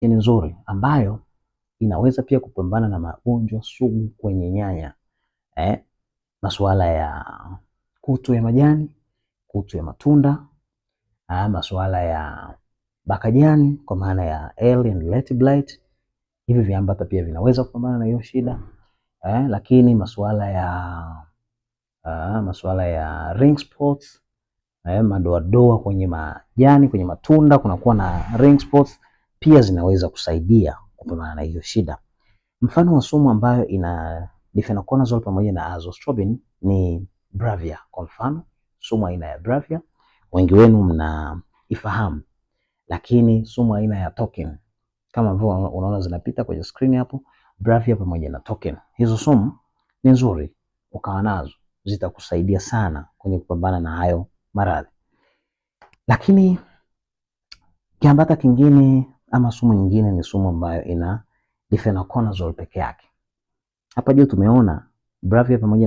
ni nzuri ambayo inaweza pia kupambana na magonjwa sugu kwenye nyanya eh, masuala ya kutu ya majani, kutu ya matunda, ah, masuala ya bakajani kwa maana ya early and late blight. Hivi viambata pia vinaweza kupambana na hiyo shida eh, lakini masuala ya ah, masuala ya ring spots eh, madoadoa kwenye majani, kwenye matunda kunakuwa na ring spots pia zinaweza kusaidia kupambana na hiyo shida. Mfano wa sumu ambayo ina difenoconazole pamoja na azostrobin ni Bravia. Kwa mfano sumu aina ya Bravia wengi wenu mnaifahamu, lakini sumu aina ya Token kama vile unaona zinapita kwenye screen hapo, Bravia pamoja na Token, hizo sumu ni nzuri, ukawa nazo zitakusaidia sana kwenye kupambana na hayo maradhi. Lakini kiambata kingine ama sumu nyingine ni sumu ambayo ina difenoconazole peke yake. Hapa juu tumeona Bravia pamoja